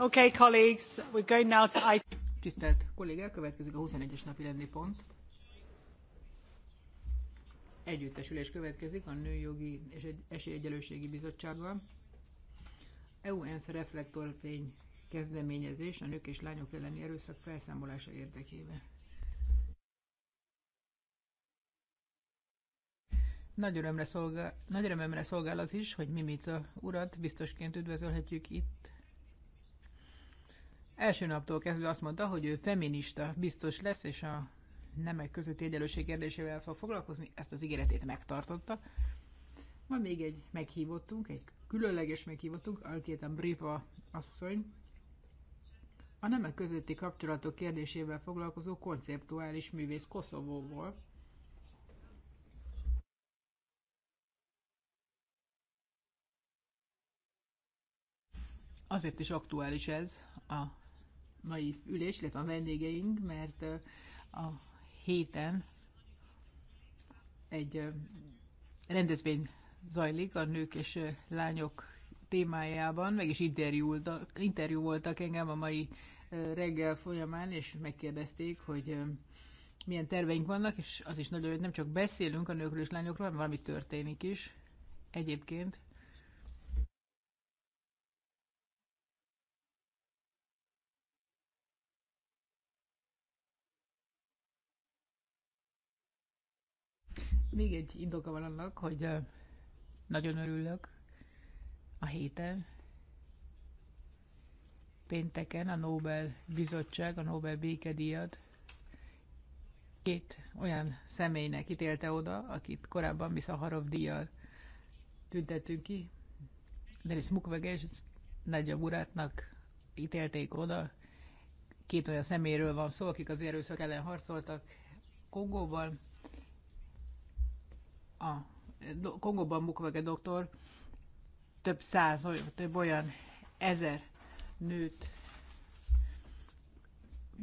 Okay, colleagues, we're going now to I... Tisztelt kollégák, következik a 21-es napi rendi pont. Együttesülés következik a Nőjogi és Esélyegyelőségi Bizottsággal. EU-ENSZ reflektorfény kezdeményezés a nők és lányok elleni erőszak felszámolása érdekében. Nagy örömre, szolgál, nagy örömre szolgál az is, hogy Mimica urat biztosként üdvözölhetjük itt Első naptól kezdve azt mondta, hogy ő feminista biztos lesz, és a nemek közötti egyenlőség kérdésével fog foglalkozni, ezt az ígéretét megtartotta. Ma még egy meghívottunk, egy különleges meghívottunk, Alkétan Bripa asszony, a nemek közötti kapcsolatok kérdésével foglalkozó konceptuális művész Koszovóból. Azért is aktuális ez a mai ülés, illetve a vendégeink, mert a héten egy rendezvény zajlik a nők és lányok témájában, meg is interjú voltak engem a mai reggel folyamán, és megkérdezték, hogy milyen terveink vannak, és az is nagyon, hogy nem csak beszélünk a nőkről és lányokról, hanem valami történik is. Egyébként Még egy indoka van annak, hogy nagyon örülök a héten. Pénteken a Nobel bizottság, a Nobel békedíjat két olyan személynek ítélte oda, akit korábban mi Szaharov díjjal tüntettünk ki. Denis Mukwege és Nagyja Burátnak ítélték oda. Két olyan személyről van szó, akik az erőszak ellen harcoltak Kongóban a Kongóban Mukwege doktor több száz, olyan, több olyan ezer nőt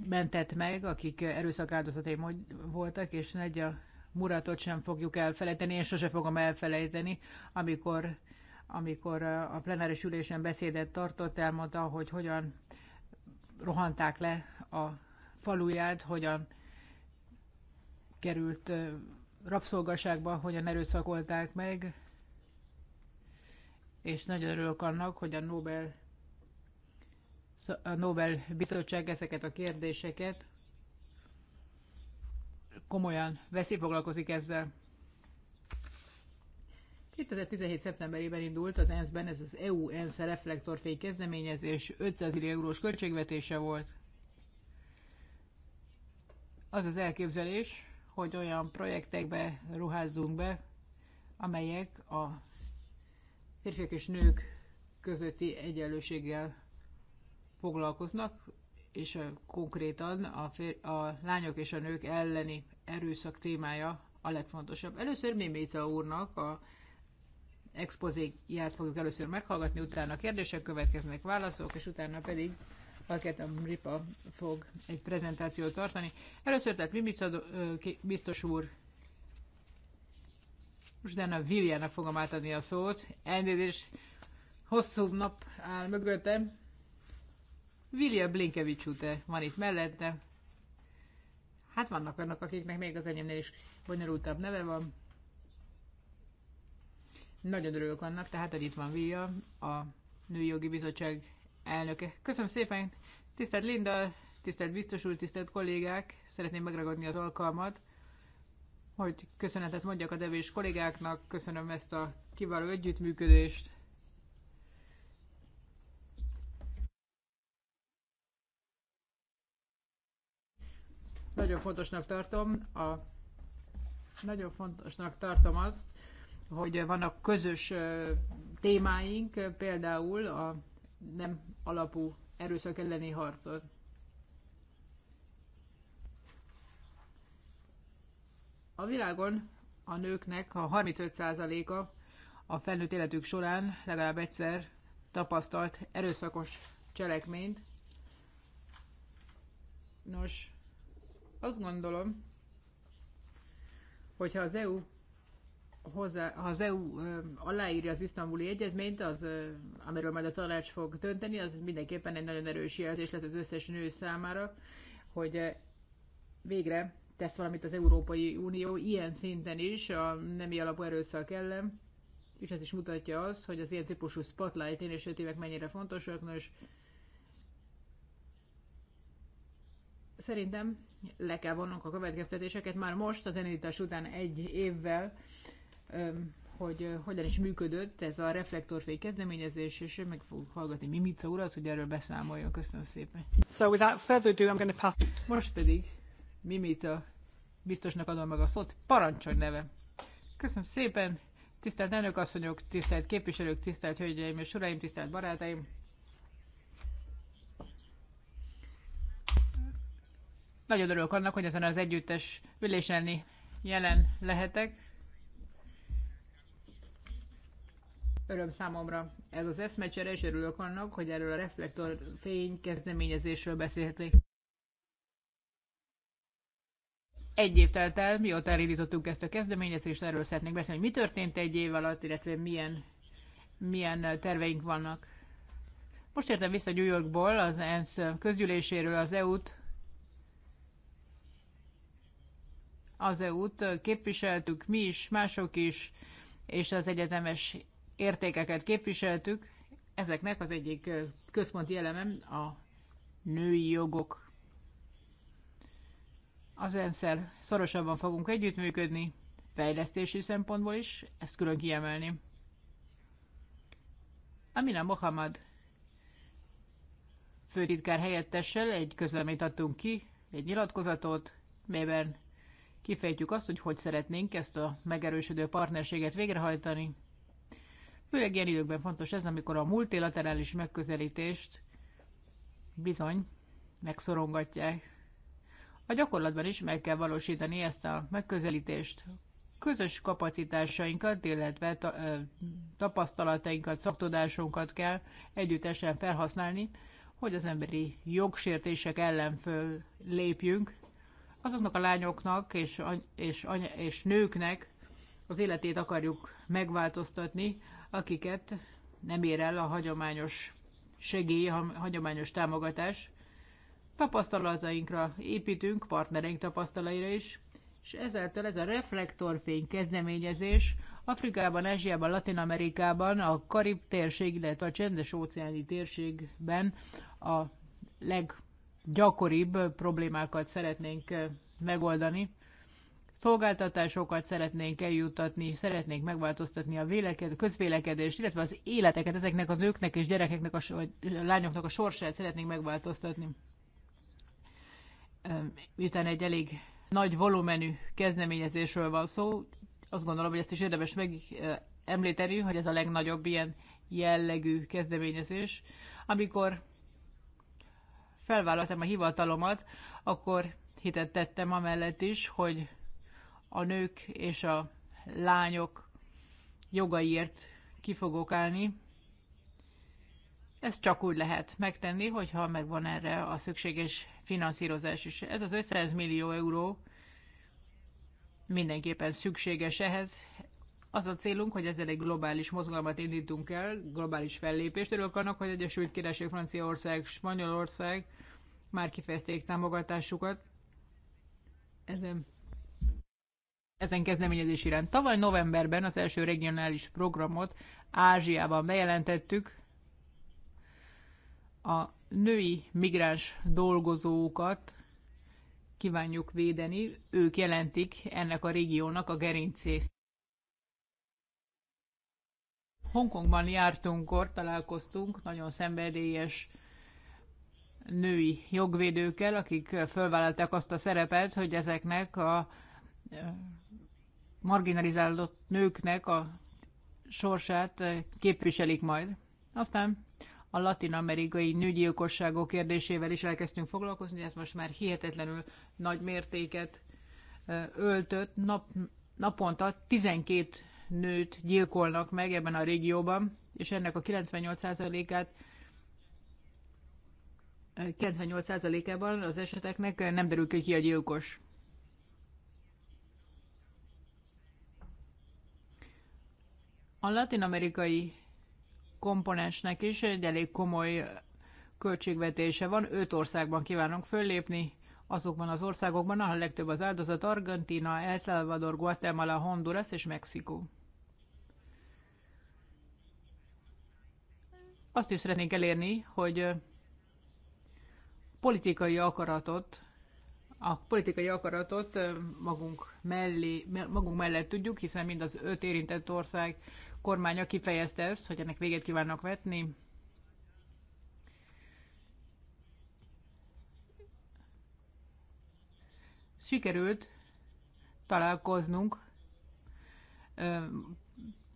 mentett meg, akik erőszak áldozatai voltak, és nagy a Muratot sem fogjuk elfelejteni, én sose fogom elfelejteni, amikor, amikor a plenáris ülésen beszédet tartott, elmondta, hogy hogyan rohanták le a faluját, hogyan került rabszolgaságban hogyan erőszakolták meg, és nagyon örülök annak, hogy a Nobel, a Nobel bizottság ezeket a kérdéseket komolyan veszi, foglalkozik ezzel. 2017. szeptemberében indult az ENSZ-ben ez az EU-ENSZ reflektorfény kezdeményezés, 500 millió eurós költségvetése volt. Az az elképzelés, hogy olyan projektekbe ruházzunk be, amelyek a férfiak és nők közötti egyenlőséggel foglalkoznak, és konkrétan a, fér, a lányok és a nők elleni erőszak témája a legfontosabb. Először Mimica úrnak a expozéját fogjuk először meghallgatni, utána kérdések következnek, válaszok, és utána pedig a Ripa fog egy prezentációt tartani. Először tehát Mimica biztos úr, a Viljának fogom átadni a szót. Elnézést, hosszú nap áll mögöttem. Vilja Blinkevics úte van itt mellette. Hát vannak annak, akiknek még az enyémnél is bonyolultabb neve van. Nagyon örülök annak, tehát, hogy itt van Vilja, a Női Jogi Bizottság Elnöke. Köszönöm szépen. Tisztelt Linda, tisztelt biztos úr, tisztelt kollégák, szeretném megragadni az alkalmat, hogy köszönetet mondjak a devés kollégáknak, köszönöm ezt a kiváló együttműködést. Nagyon fontosnak tartom a nagyon fontosnak tartom azt, hogy vannak közös témáink, például a nem alapú erőszak elleni harcot. A világon a nőknek a 35%-a a felnőtt életük során legalább egyszer tapasztalt erőszakos cselekményt. Nos, azt gondolom, hogyha az EU hozzá, ha az EU aláírja az isztambuli egyezményt, az, amiről majd a tanács fog dönteni, az mindenképpen egy nagyon erős jelzés lesz az összes nő számára, hogy végre tesz valamit az Európai Unió ilyen szinten is a nemi alapú erőszak ellen, és ez is mutatja az, hogy az ilyen típusú spotlight initiatívek mennyire fontosak, nos, szerintem le kell vonnunk a következtetéseket már most, az elindítás után egy évvel, hogy hogyan is működött ez a reflektorfény kezdeményezés, és meg fogjuk hallgatni Mimica urat, hogy erről beszámoljon. Köszönöm szépen. So without further ado, I'm going to pass... Most pedig Mimica biztosnak adom meg a szót. Parancsolj neve! Köszönöm szépen! Tisztelt elnökasszonyok, tisztelt képviselők, tisztelt hölgyeim és uraim, tisztelt barátaim! Nagyon örülök annak, hogy ezen az együttes ülésen jelen lehetek Öröm számomra ez az eszmecsere, és örülök annak, hogy erről a fény kezdeményezésről beszélhetnék. Egy év telt el, mióta elindítottuk ezt a kezdeményezést, erről szeretnék beszélni, hogy mi történt egy év alatt, illetve milyen, milyen terveink vannak. Most értem vissza New Yorkból, az ENSZ közgyűléséről az EU-t, az EU-t képviseltük mi is, mások is, és az egyetemes értékeket képviseltük, ezeknek az egyik központi elemem a női jogok. Az ensz szorosabban fogunk együttműködni, fejlesztési szempontból is, ezt külön kiemelni. Amina Mohamed főtitkár helyettessel egy közleményt adtunk ki, egy nyilatkozatot, melyben kifejtjük azt, hogy hogy szeretnénk ezt a megerősödő partnerséget végrehajtani, Főleg ilyen időkben fontos ez, amikor a multilaterális megközelítést bizony megszorongatják. A gyakorlatban is meg kell valósítani ezt a megközelítést. Közös kapacitásainkat, illetve ta, ö, tapasztalatainkat, szaktudásunkat kell együttesen felhasználni, hogy az emberi jogsértések ellen föl lépjünk. Azoknak a lányoknak és, és, és nőknek az életét akarjuk megváltoztatni, akiket nem ér el a hagyományos segély, a hagyományos támogatás. Tapasztalatainkra építünk, partnereink tapasztalaira is, és ezáltal ez a reflektorfény kezdeményezés Afrikában, Ázsiában, Latin Amerikában, a Karib térség, illetve a csendes óceáni térségben a leggyakoribb problémákat szeretnénk megoldani szolgáltatásokat szeretnénk eljutatni, szeretnénk megváltoztatni a véleked, közvélekedést, illetve az életeket ezeknek a nőknek és gyerekeknek, a, vagy lányoknak a sorsát szeretnénk megváltoztatni. Miután egy elég nagy volumenű kezdeményezésről van szó, azt gondolom, hogy ezt is érdemes megemlíteni, hogy ez a legnagyobb ilyen jellegű kezdeményezés. Amikor felvállaltam a hivatalomat, akkor hitet tettem amellett is, hogy a nők és a lányok jogaiért ki fogok állni. Ezt csak úgy lehet megtenni, hogyha megvan erre a szükséges finanszírozás is. Ez az 500 millió euró mindenképpen szükséges ehhez. Az a célunk, hogy ezzel egy globális mozgalmat indítunk el, globális fellépést. Örülök annak, hogy Egyesült Királyság, Franciaország, Spanyolország már kifejezték támogatásukat ezen ezen kezdeményezés iránt. Tavaly novemberben az első regionális programot Ázsiában bejelentettük, a női migráns dolgozókat kívánjuk védeni, ők jelentik ennek a régiónak a gerincét. Hongkongban jártunk, ott találkoztunk nagyon szenvedélyes női jogvédőkkel, akik fölvállalták azt a szerepet, hogy ezeknek a marginalizálott nőknek a sorsát eh, képviselik majd. Aztán a latin-amerikai nőgyilkosságok kérdésével is elkezdtünk foglalkozni, ez most már hihetetlenül nagy mértéket eh, öltött. Nap, naponta 12 nőt gyilkolnak meg ebben a régióban, és ennek a 98%-át 98%-ában eh, az eseteknek nem derül ki, ki a gyilkos. A latin-amerikai komponensnek is egy elég komoly költségvetése van. Öt országban kívánunk föllépni, azokban az országokban, ahol legtöbb az áldozat Argentina, El Salvador, Guatemala, Honduras és Mexikó. Azt is szeretnénk elérni, hogy politikai akaratot, a politikai akaratot magunk, mellé, magunk mellett tudjuk, hiszen mind az öt érintett ország kormánya kifejezte ezt, hogy ennek véget kívánnak vetni. Sikerült találkoznunk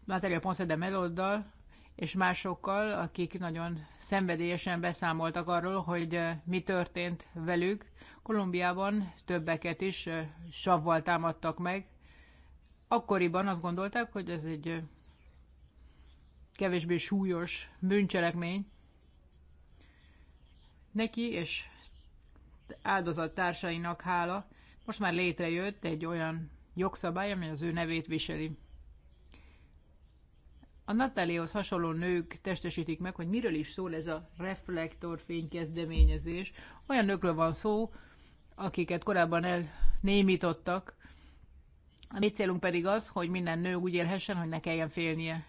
Natalia Ponce de Meloddal és másokkal, akik nagyon szenvedélyesen beszámoltak arról, hogy mi történt velük. Kolumbiában többeket is savval támadtak meg. Akkoriban azt gondolták, hogy ez egy kevésbé súlyos bűncselekmény, neki és áldozat társainak hála most már létrejött egy olyan jogszabály, ami az ő nevét viseli. A Natálihoz hasonló nők testesítik meg, hogy miről is szól ez a reflektorfény kezdeményezés. Olyan nőkről van szó, akiket korábban elnémítottak. A mi célunk pedig az, hogy minden nő úgy élhessen, hogy ne kelljen félnie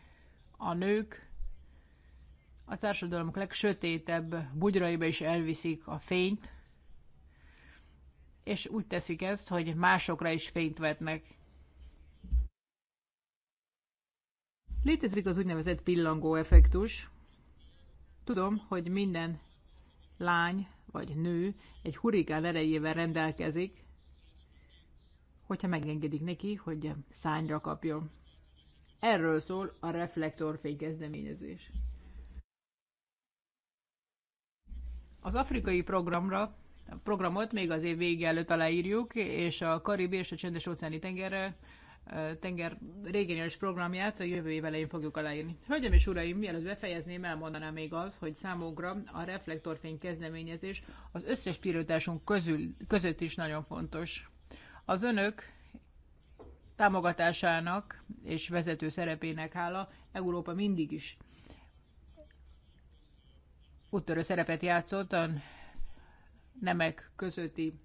a nők a társadalomok legsötétebb bugyraiba is elviszik a fényt, és úgy teszik ezt, hogy másokra is fényt vetnek. Létezik az úgynevezett pillangó effektus. Tudom, hogy minden lány vagy nő egy hurikán erejével rendelkezik, hogyha megengedik neki, hogy szányra kapjon. Erről szól a reflektorfény kezdeményezés. Az afrikai programra, a programot még az év vége előtt aláírjuk, és a Karib és a csendes óceáni tengerre tenger régenyős programját a jövő év elején fogjuk aláírni. Hölgyeim és uraim, mielőtt befejezném, elmondanám még az, hogy számunkra a reflektorfény kezdeményezés az összes prioritásunk közül, között is nagyon fontos. Az önök támogatásának és vezető szerepének hála Európa mindig is úttörő szerepet játszott a nemek közötti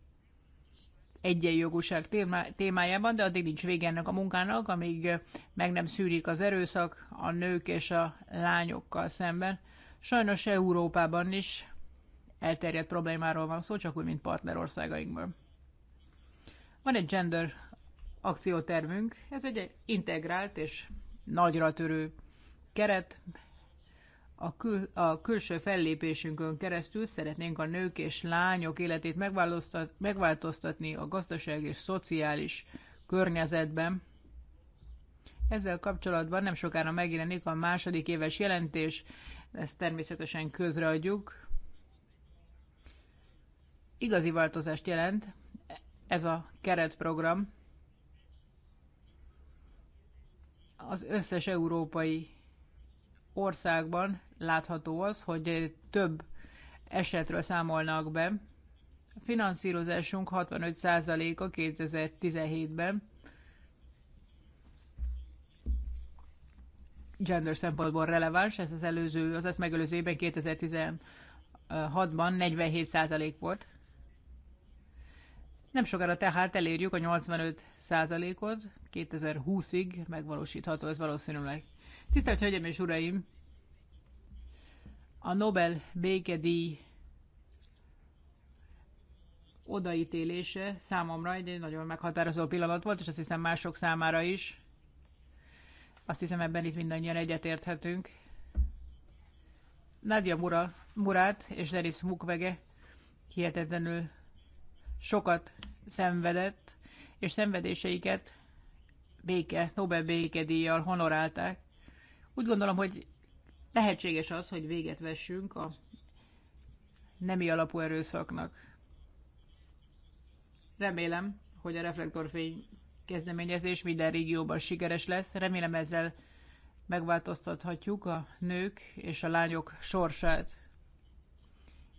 egyenjogúság témájában, de addig nincs vége ennek a munkának, amíg meg nem szűrik az erőszak a nők és a lányokkal szemben. Sajnos Európában is elterjedt problémáról van szó, csak úgy, mint partnerországainkban. Van egy gender akciótermünk. Ez egy integrált és nagyra törő keret. A, kül, a külső fellépésünkön keresztül szeretnénk a nők és lányok életét megváltoztatni a gazdaság és szociális környezetben. Ezzel kapcsolatban nem sokára megjelenik a második éves jelentés, ezt természetesen közreadjuk. Igazi változást jelent ez a keretprogram az összes európai országban látható az, hogy több esetről számolnak be. A finanszírozásunk 65%-a 2017-ben gender szempontból releváns, ez az előző, az ezt megelőző évben 2016-ban 47% volt. Nem sokára tehát elérjük a 85 ot 2020-ig megvalósítható ez valószínűleg. Tisztelt Hölgyeim és Uraim! A Nobel békedíj odaítélése számomra egy nagyon meghatározó pillanat volt, és azt hiszem mások számára is. Azt hiszem ebben itt mindannyian egyetérthetünk. Nadia Mura, Murát és Denis Mukwege hihetetlenül sokat szenvedett, és szenvedéseiket béke, Nobel békedíjjal honorálták. Úgy gondolom, hogy lehetséges az, hogy véget vessünk a nemi alapú erőszaknak. Remélem, hogy a reflektorfény kezdeményezés minden régióban sikeres lesz. Remélem ezzel megváltoztathatjuk a nők és a lányok sorsát.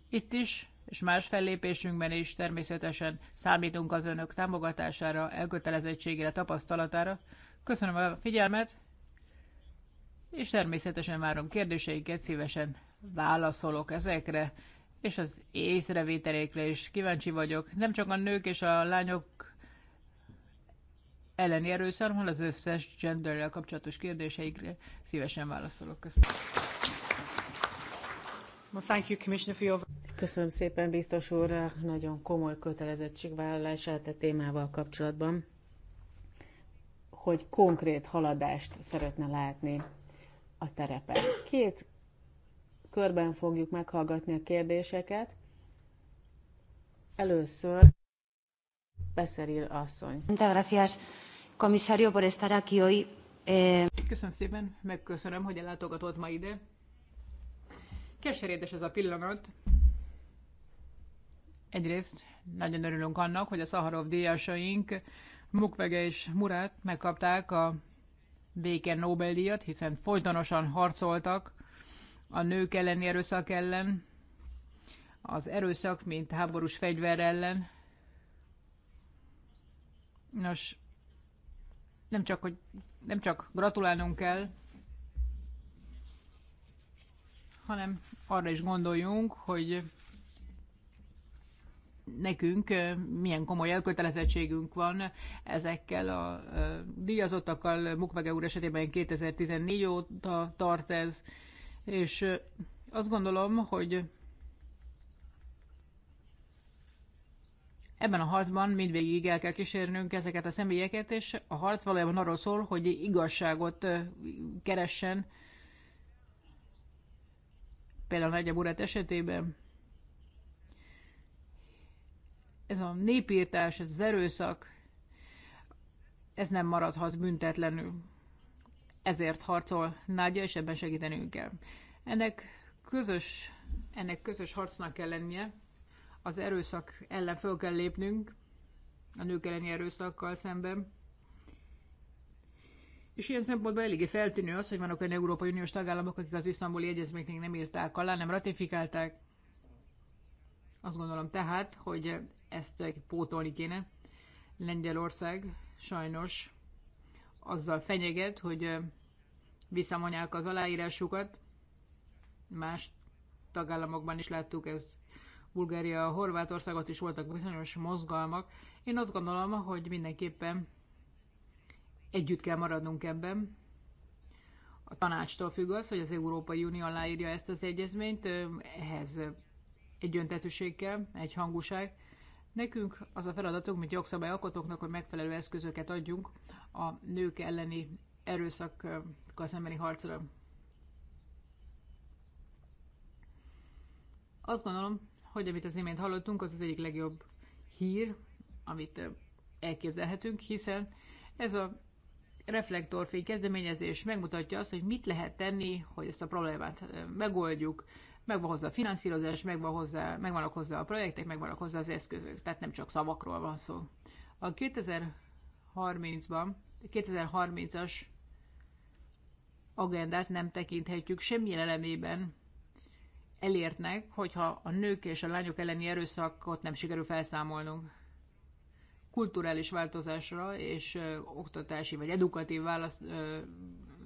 Itt is és más fellépésünkben is természetesen számítunk az önök támogatására, elkötelezettségére, tapasztalatára. Köszönöm a figyelmet, és természetesen várom kérdéseiket, szívesen válaszolok ezekre, és az észrevételékre is kíváncsi vagyok. Nem csak a nők és a lányok elleni erőször, hanem az összes genderrel kapcsolatos kérdéseikre szívesen válaszolok. Köszönöm. Well, thank you, Commissioner, for your... Köszönöm szépen biztos úr nagyon komoly kötelezettségvállalását a témával kapcsolatban, hogy konkrét haladást szeretne látni a terepen. Két körben fogjuk meghallgatni a kérdéseket. Először Beszeril asszony. Gracias, por estar aquí hoy. Eh, Köszönöm szépen, megköszönöm, hogy ellátogatott ma ide. Keserédes ez a pillanat, Egyrészt nagyon örülünk annak, hogy a Szaharov díjasaink Mukwege és Murat megkapták a béke Nobel-díjat, hiszen folytonosan harcoltak a nők elleni erőszak ellen, az erőszak, mint háborús fegyver ellen. Nos, nem csak, hogy, nem csak gratulálnunk kell, hanem arra is gondoljunk, hogy nekünk milyen komoly elkötelezettségünk van ezekkel a díjazottakkal. Mukwege úr esetében 2014 óta tart ez, és azt gondolom, hogy ebben a harcban mindvégig el kell kísérnünk ezeket a személyeket, és a harc valójában arról szól, hogy igazságot keressen, például a nagyobb esetében ez a népírtás, ez az erőszak, ez nem maradhat büntetlenül. Ezért harcol Nágya, és ebben segítenünk kell. Ennek közös, ennek közös harcnak kell lennie, az erőszak ellen föl kell lépnünk, a nők elleni erőszakkal szemben. És ilyen szempontból eléggé feltűnő az, hogy vannak olyan Európai Uniós tagállamok, akik az isztambuli egyezményt még nem írták alá, nem ratifikálták, azt gondolom tehát, hogy ezt pótolni kéne. Lengyelország sajnos azzal fenyeget, hogy visszamonják az aláírásukat. Más tagállamokban is láttuk ezt. Bulgária, Horvátországot is voltak bizonyos mozgalmak. Én azt gondolom, hogy mindenképpen együtt kell maradnunk ebben. A tanácstól függ az, hogy az Európai Unió aláírja ezt az egyezményt, ehhez egy öntetőséggel, egy hangúság. Nekünk az a feladatunk, mint jogszabályalkotóknak, hogy megfelelő eszközöket adjunk a nők elleni erőszakkal szembeni harcra. Azt gondolom, hogy amit az imént hallottunk, az az egyik legjobb hír, amit elképzelhetünk, hiszen ez a reflektorfény kezdeményezés megmutatja azt, hogy mit lehet tenni, hogy ezt a problémát megoldjuk megvan hozzá a finanszírozás, megvan hozzá, megvannak hozzá a projektek, megvannak hozzá az eszközök, tehát nem csak szavakról van szó. A 2030-ban, 2030-as agendát nem tekinthetjük semmilyen elemében elértnek, hogyha a nők és a lányok elleni erőszakot nem sikerül felszámolnunk. Kulturális változásra és ö, oktatási vagy edukatív válasz, ö,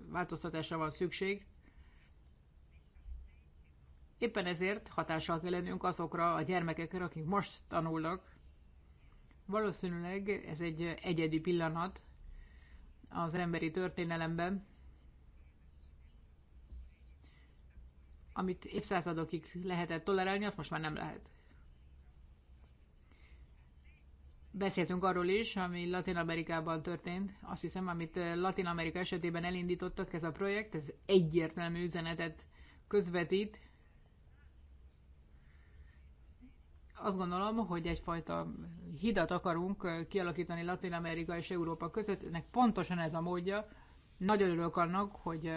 változtatásra van szükség, Éppen ezért hatással kell lennünk azokra a gyermekekre, akik most tanulnak. Valószínűleg ez egy egyedi pillanat az emberi történelemben, amit évszázadokig lehetett tolerálni, azt most már nem lehet. Beszéltünk arról is, ami Latin Amerikában történt. Azt hiszem, amit Latin Amerika esetében elindítottak, ez a projekt, ez egyértelmű üzenetet közvetít, azt gondolom, hogy egyfajta hidat akarunk kialakítani Latin Amerika és Európa között. Ennek pontosan ez a módja. Nagyon örülök annak, hogy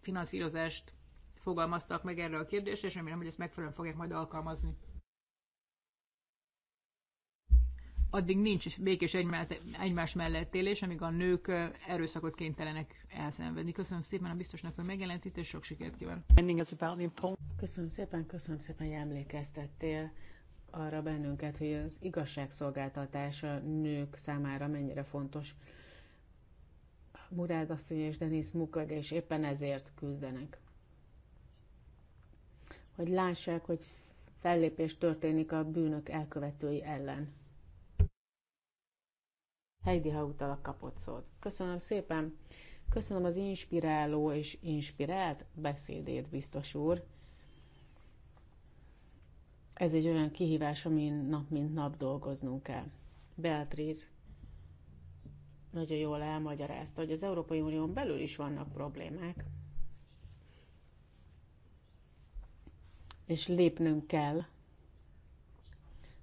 finanszírozást fogalmaztak meg erre a kérdésre, és remélem, hogy ezt megfelelően fogják majd alkalmazni. Addig nincs békés egymás mellett élés, amíg a nők erőszakot kénytelenek elszenvedni. Köszönöm szépen a biztosnak, hogy megjelentít, és sok sikert kívánok. Köszönöm szépen, köszönöm szépen, hogy emlékeztettél arra bennünket, hogy az igazságszolgáltatás a nők számára mennyire fontos. Murád asszony és Denis Mukwege is éppen ezért küzdenek. Hogy lássák, hogy fellépés történik a bűnök elkövetői ellen. Heidi utalak kapott szót. Köszönöm szépen! Köszönöm az inspiráló és inspirált beszédét, biztos úr. Ez egy olyan kihívás, amin nap mint nap dolgoznunk kell. Beatriz nagyon jól elmagyarázta, hogy az Európai Unión belül is vannak problémák, és lépnünk kell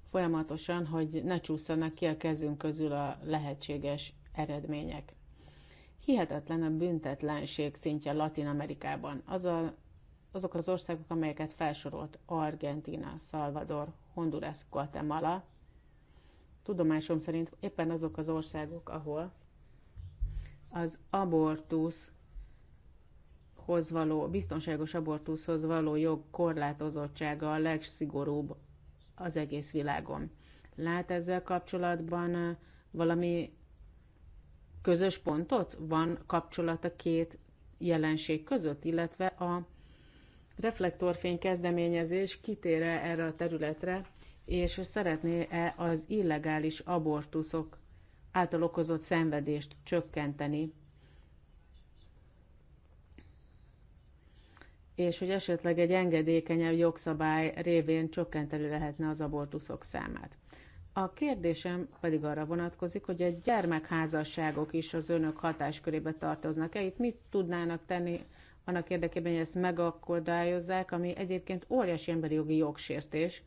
folyamatosan, hogy ne csúszanak ki a kezünk közül a lehetséges eredmények. Hihetetlen a büntetlenség szintje Latin Amerikában. Az a azok az országok, amelyeket felsorolt Argentina, Salvador, Honduras, Guatemala, tudomásom szerint éppen azok az országok, ahol az abortuszhoz való, biztonságos abortuszhoz való jog korlátozottsága a legszigorúbb az egész világon. Lát ezzel kapcsolatban valami közös pontot? Van kapcsolat a két jelenség között, illetve a reflektorfény kezdeményezés kitér -e erre a területre, és szeretné-e az illegális abortuszok által okozott szenvedést csökkenteni, és hogy esetleg egy engedékenyebb jogszabály révén csökkenteni lehetne az abortuszok számát. A kérdésem pedig arra vonatkozik, hogy a gyermekházasságok is az önök hatáskörébe tartoznak-e. Itt mit tudnának tenni annak érdekében, hogy ezt megakadályozzák, ami egyébként óriási emberi jogi jogsértés,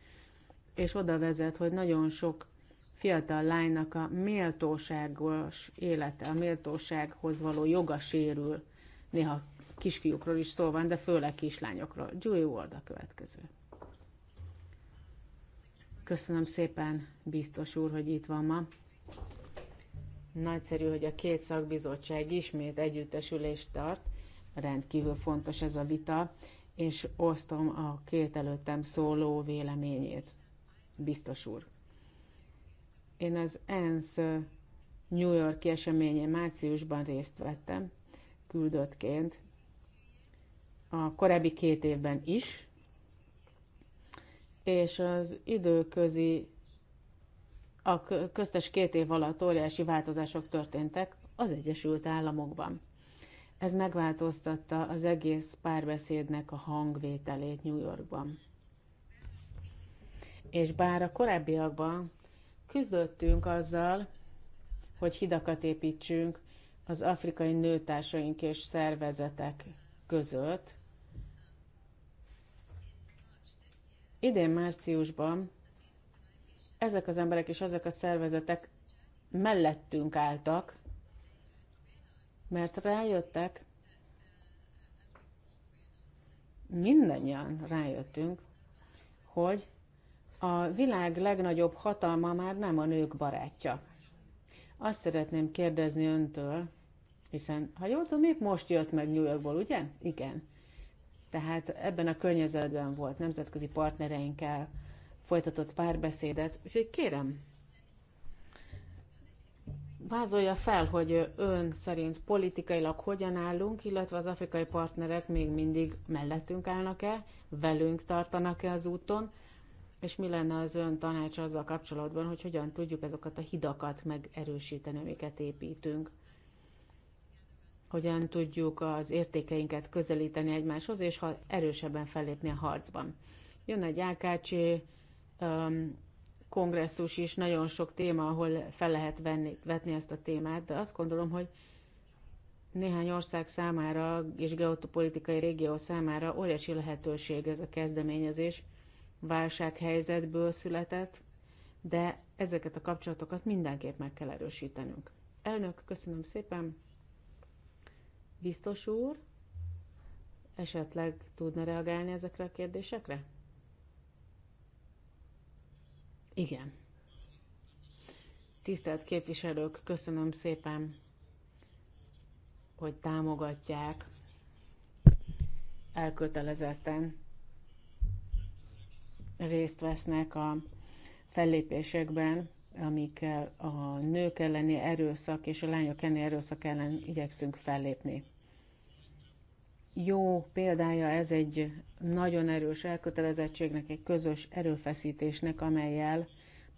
és oda vezet, hogy nagyon sok fiatal lánynak a méltóságos élete, a méltósághoz való joga sérül. Néha kisfiúkról is szó van, de főleg kislányokról. Julie Ward a következő. Köszönöm szépen, biztos úr, hogy itt van ma. Nagyszerű, hogy a két szakbizottság ismét együttesülést tart, Rendkívül fontos ez a vita, és osztom a két előttem szóló véleményét, biztos úr. Én az ENSZ New Yorki eseményén márciusban részt vettem, küldöttként, a korábbi két évben is, és az időközi, a köztes két év alatt óriási változások történtek az Egyesült Államokban. Ez megváltoztatta az egész párbeszédnek a hangvételét New Yorkban. És bár a korábbiakban küzdöttünk azzal, hogy hidakat építsünk az afrikai nőtársaink és szervezetek között, idén márciusban ezek az emberek és ezek a szervezetek mellettünk álltak, mert rájöttek, mindannyian rájöttünk, hogy a világ legnagyobb hatalma már nem a nők barátja. Azt szeretném kérdezni öntől, hiszen, ha jól tudom, még most jött meg New Yorkból, ugye? Igen. Tehát ebben a környezetben volt nemzetközi partnereinkkel folytatott párbeszédet, úgyhogy kérem, vázolja fel, hogy ön szerint politikailag hogyan állunk, illetve az afrikai partnerek még mindig mellettünk állnak-e, velünk tartanak-e az úton, és mi lenne az ön tanács azzal kapcsolatban, hogy hogyan tudjuk ezeket a hidakat megerősíteni, amiket építünk? Hogyan tudjuk az értékeinket közelíteni egymáshoz, és ha erősebben fellépni a harcban? Jön egy Ákácsi, kongresszus is nagyon sok téma, ahol fel lehet venni, vetni ezt a témát, de azt gondolom, hogy néhány ország számára és geopolitikai régió számára óriási lehetőség ez a kezdeményezés. Válsághelyzetből született, de ezeket a kapcsolatokat mindenképp meg kell erősítenünk. Elnök, köszönöm szépen. Biztos úr, esetleg tudna reagálni ezekre a kérdésekre? Igen. Tisztelt képviselők, köszönöm szépen, hogy támogatják elkötelezetten részt vesznek a fellépésekben, amikkel a nők elleni erőszak és a lányok elleni erőszak ellen igyekszünk fellépni jó példája ez egy nagyon erős elkötelezettségnek, egy közös erőfeszítésnek, amelyel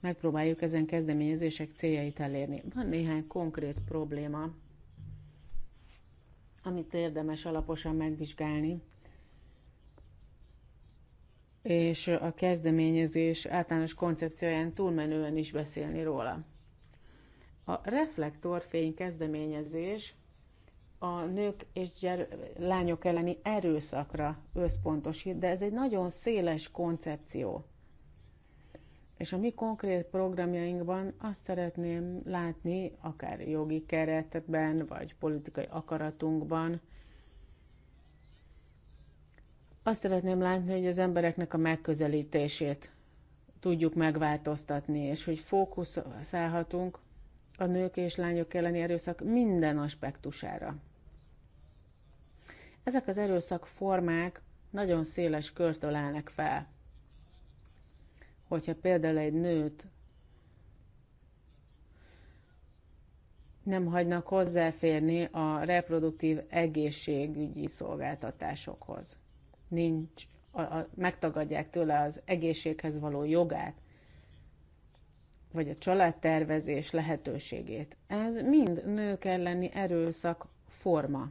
megpróbáljuk ezen kezdeményezések céljait elérni. Van néhány konkrét probléma, amit érdemes alaposan megvizsgálni, és a kezdeményezés általános koncepcióján túlmenően is beszélni róla. A reflektorfény kezdeményezés a nők és gyere, lányok elleni erőszakra összpontosít, de ez egy nagyon széles koncepció. És a mi konkrét programjainkban azt szeretném látni, akár jogi keretben, vagy politikai akaratunkban, azt szeretném látni, hogy az embereknek a megközelítését tudjuk megváltoztatni, és hogy fókuszálhatunk a nők és lányok elleni erőszak minden aspektusára. Ezek az erőszak formák nagyon széles körtől állnak fel. Hogyha például egy nőt nem hagynak hozzáférni a reproduktív egészségügyi szolgáltatásokhoz. Nincs, a, a, megtagadják tőle az egészséghez való jogát, vagy a családtervezés lehetőségét. Ez mind nők elleni erőszak forma.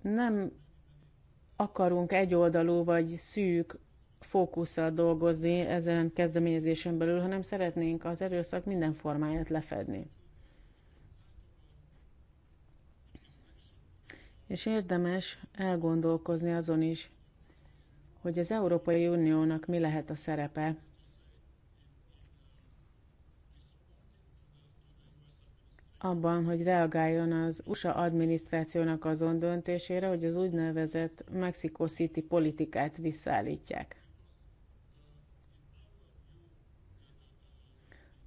nem akarunk egyoldalú vagy szűk fókusszal dolgozni ezen kezdeményezésen belül, hanem szeretnénk az erőszak minden formáját lefedni. És érdemes elgondolkozni azon is, hogy az Európai Uniónak mi lehet a szerepe abban, hogy reagáljon az USA adminisztrációnak azon döntésére, hogy az úgynevezett Mexico City politikát visszaállítják.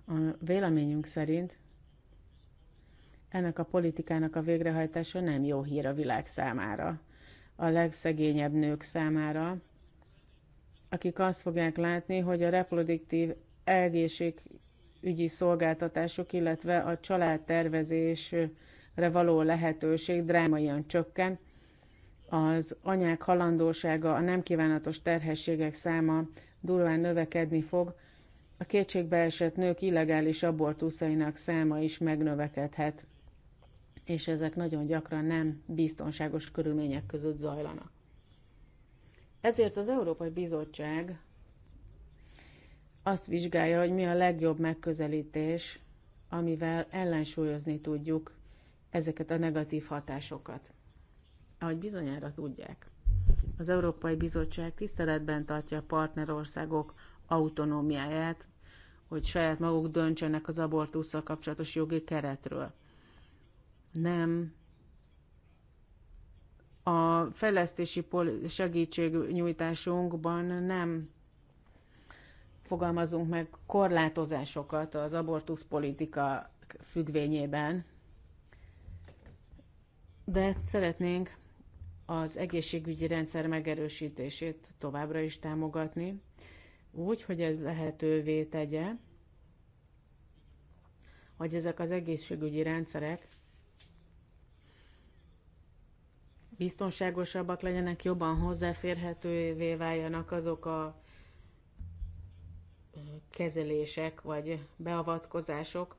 A véleményünk szerint ennek a politikának a végrehajtása nem jó hír a világ számára, a legszegényebb nők számára, akik azt fogják látni, hogy a reproduktív egészség ügyi szolgáltatások, illetve a családtervezésre való lehetőség drámaian csökken, az anyák halandósága, a nem kívánatos terhességek száma durván növekedni fog, a kétségbeesett nők illegális abortuszainak száma is megnövekedhet, és ezek nagyon gyakran nem biztonságos körülmények között zajlanak. Ezért az Európai Bizottság azt vizsgálja, hogy mi a legjobb megközelítés, amivel ellensúlyozni tudjuk ezeket a negatív hatásokat. Ahogy bizonyára tudják, az Európai Bizottság tiszteletben tartja a partnerországok autonómiáját, hogy saját maguk döntsenek az abortusszal kapcsolatos jogi keretről. Nem a fejlesztési segítségnyújtásunkban nem fogalmazunk meg korlátozásokat az abortusz politika függvényében, de szeretnénk az egészségügyi rendszer megerősítését továbbra is támogatni, úgy, hogy ez lehetővé tegye, hogy ezek az egészségügyi rendszerek biztonságosabbak legyenek, jobban hozzáférhetővé váljanak azok a kezelések vagy beavatkozások,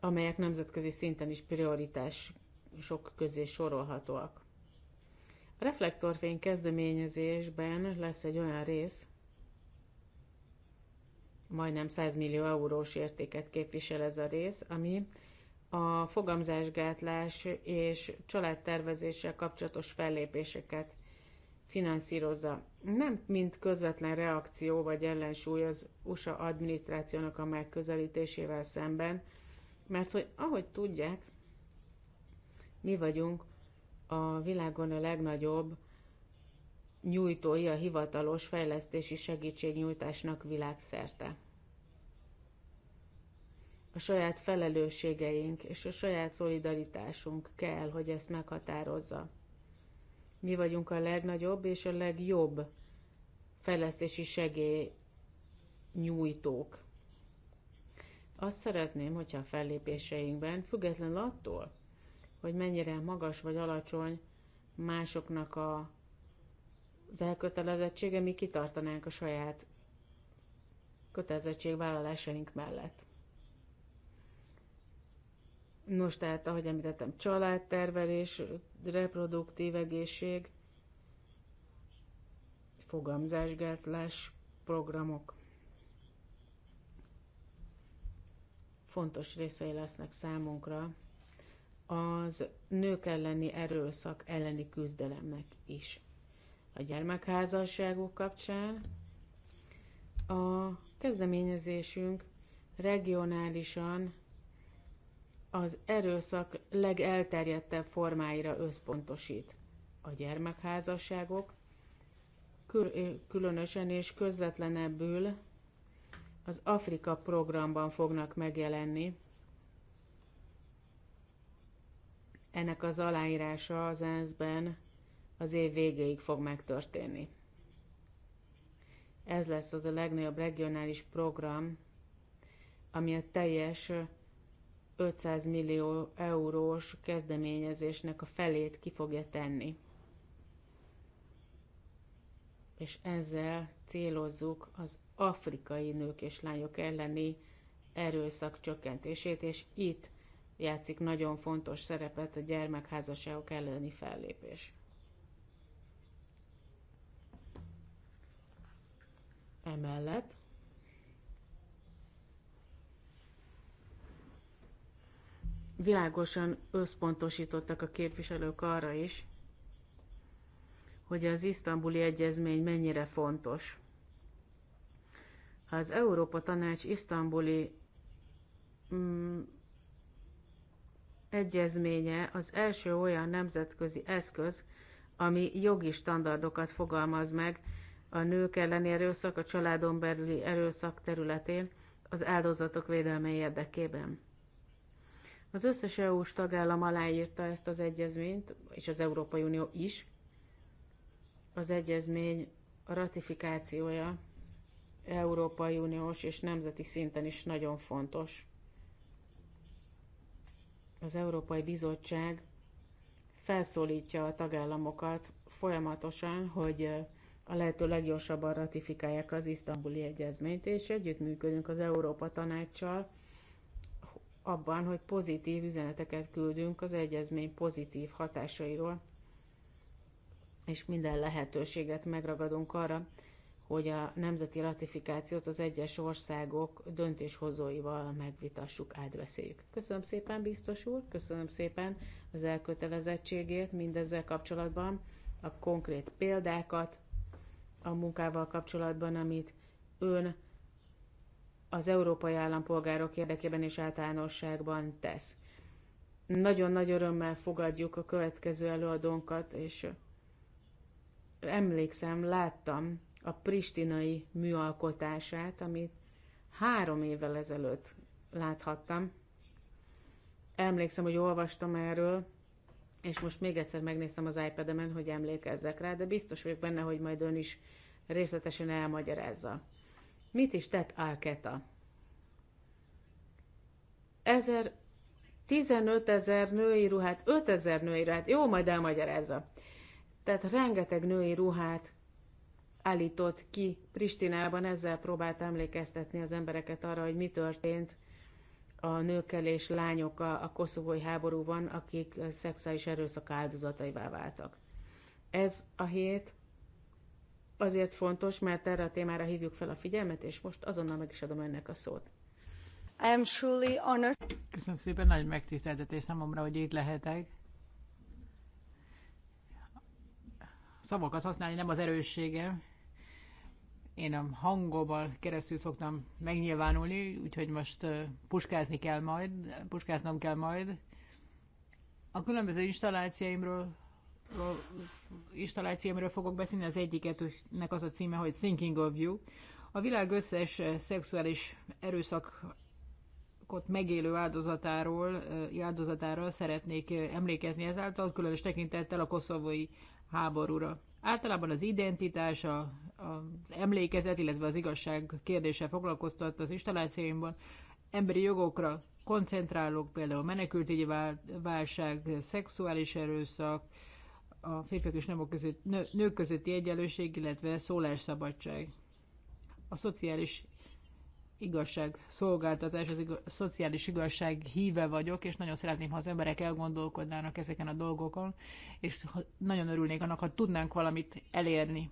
amelyek nemzetközi szinten is prioritás sok közé sorolhatóak. A reflektorfény kezdeményezésben lesz egy olyan rész, majdnem 100 millió eurós értéket képvisel ez a rész, ami a fogamzásgátlás és családtervezéssel kapcsolatos fellépéseket finanszírozza. Nem mint közvetlen reakció vagy ellensúly az USA adminisztrációnak a megközelítésével szemben, mert hogy ahogy tudják, mi vagyunk a világon a legnagyobb nyújtói a hivatalos fejlesztési segítségnyújtásnak világszerte. A saját felelősségeink és a saját szolidaritásunk kell, hogy ezt meghatározza. Mi vagyunk a legnagyobb és a legjobb fejlesztési segély nyújtók. Azt szeretném, hogyha a fellépéseinkben, független attól, hogy mennyire magas vagy alacsony másoknak a, az elkötelezettsége, mi kitartanánk a saját kötelezettségvállalásaink mellett. Nos, tehát, ahogy említettem, családtervelés, reproduktív egészség, fogamzásgátlás programok fontos részei lesznek számunkra az nők elleni erőszak elleni küzdelemnek is. A gyermekházasságok kapcsán a kezdeményezésünk regionálisan az erőszak legelterjedtebb formáira összpontosít. A gyermekházasságok, eh, különösen és közvetlenebbül az Afrika programban fognak megjelenni. Ennek az aláírása az ENSZ-ben az év végéig fog megtörténni. Ez lesz az a legnagyobb regionális program, ami a teljes 500 millió eurós kezdeményezésnek a felét ki fogja tenni. És ezzel célozzuk az afrikai nők és lányok elleni erőszak csökkentését, és itt játszik nagyon fontos szerepet a gyermekházasságok elleni fellépés. Emellett világosan összpontosítottak a képviselők arra is, hogy az isztambuli egyezmény mennyire fontos. Ha az Európa Tanács isztambuli mm, egyezménye az első olyan nemzetközi eszköz, ami jogi standardokat fogalmaz meg a nők elleni erőszak, a családon belüli erőszak területén az áldozatok védelme érdekében. Az összes EU-s tagállam aláírta ezt az egyezményt, és az Európai Unió is. Az egyezmény ratifikációja Európai Uniós és nemzeti szinten is nagyon fontos. Az Európai Bizottság felszólítja a tagállamokat folyamatosan, hogy a lehető leggyorsabban ratifikálják az isztambuli egyezményt, és együttműködünk az Európa Tanácssal, abban, hogy pozitív üzeneteket küldünk az egyezmény pozitív hatásairól, és minden lehetőséget megragadunk arra, hogy a nemzeti ratifikációt az egyes országok döntéshozóival megvitassuk, átbeszéljük. Köszönöm szépen, biztos úr, köszönöm szépen az elkötelezettségét mindezzel kapcsolatban, a konkrét példákat a munkával kapcsolatban, amit ön az európai állampolgárok érdekében és általánosságban tesz. Nagyon nagy örömmel fogadjuk a következő előadónkat, és emlékszem, láttam a pristinai műalkotását, amit három évvel ezelőtt láthattam. Emlékszem, hogy olvastam erről, és most még egyszer megnéztem az iPad-emen, hogy emlékezzek rá, de biztos vagyok benne, hogy majd ön is részletesen elmagyarázza. Mit is tett Álketa? 15 ezer női ruhát, 5 ezer női ruhát, jó, majd elmagyarázza. Tehát rengeteg női ruhát állított ki Pristinában, ezzel próbált emlékeztetni az embereket arra, hogy mi történt a nőkkel és lányokkal a koszovói háborúban, akik szexuális erőszak áldozataivá váltak. Ez a hét azért fontos, mert erre a témára hívjuk fel a figyelmet, és most azonnal meg is adom önnek a szót. I am truly honored. Köszönöm szépen, nagy megtiszteltetés számomra, hogy itt lehetek. Szavakat használni nem az erősségem. Én a hangommal keresztül szoktam megnyilvánulni, úgyhogy most puskázni kell majd, puskáznom kell majd. A különböző installáciáimról installációmról fogok beszélni, az egyiketnek az a címe, hogy Thinking of You. A világ összes szexuális erőszakot megélő áldozatáról, áldozatára szeretnék emlékezni ezáltal, különös tekintettel a koszovói háborúra. Általában az identitás, a, a emlékezet, illetve az igazság kérdése foglalkoztat az installációimban. Emberi jogokra koncentrálok, például menekültügyi válság, szexuális erőszak, a férfiak és nők között, nő, nők közötti egyenlőség, illetve szólásszabadság. A szociális igazság szolgáltatás, az igaz, a szociális igazság híve vagyok, és nagyon szeretném, ha az emberek elgondolkodnának ezeken a dolgokon, és nagyon örülnék annak, ha tudnánk valamit elérni.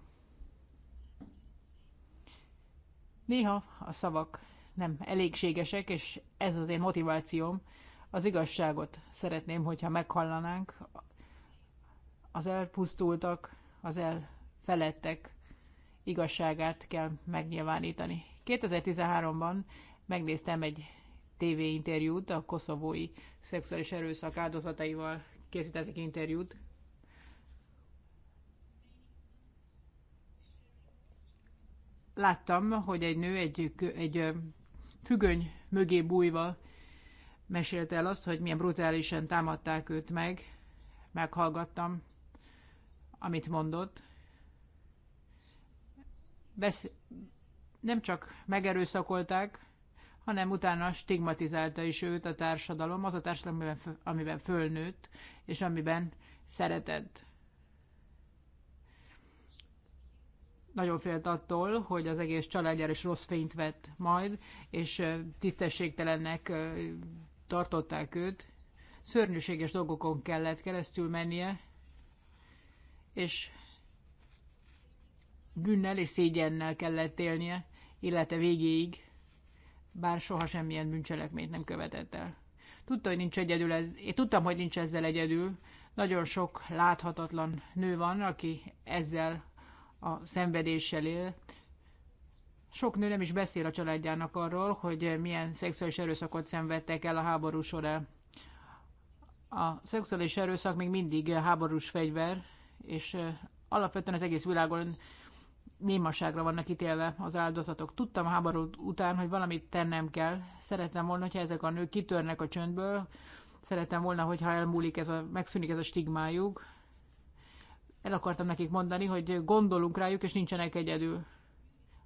Néha a szavak nem elégségesek, és ez az én motivációm. Az igazságot szeretném, hogyha meghallanánk, az elpusztultak, az elfeledtek igazságát kell megnyilvánítani. 2013-ban megnéztem egy tévéinterjút a koszovói szexuális erőszak áldozataival készítettek interjút. Láttam, hogy egy nő egy, egy függöny mögé bújva mesélte el azt, hogy milyen brutálisan támadták őt meg. Meghallgattam amit mondott. Besz- nem csak megerőszakolták, hanem utána stigmatizálta is őt a társadalom, az a társadalom, amiben, föl, amiben fölnőtt, és amiben szeretett. Nagyon félt attól, hogy az egész családjára is rossz fényt vett majd, és tisztességtelennek tartották őt. Szörnyűséges dolgokon kellett keresztül mennie, és bűnnel és szégyennel kellett élnie élete végéig, bár soha semmilyen bűncselekményt nem követett el. Tudta, hogy nincs egyedül ez, én tudtam, hogy nincs ezzel egyedül. Nagyon sok láthatatlan nő van, aki ezzel a szenvedéssel él. Sok nő nem is beszél a családjának arról, hogy milyen szexuális erőszakot szenvedtek el a háború során. A szexuális erőszak még mindig háborús fegyver, és alapvetően az egész világon némaságra vannak ítélve az áldozatok. Tudtam a háború után, hogy valamit tennem kell. Szerettem volna, hogyha ezek a nők kitörnek a csöndből, szerettem volna, hogyha elmúlik ez a, megszűnik ez a stigmájuk. El akartam nekik mondani, hogy gondolunk rájuk, és nincsenek egyedül.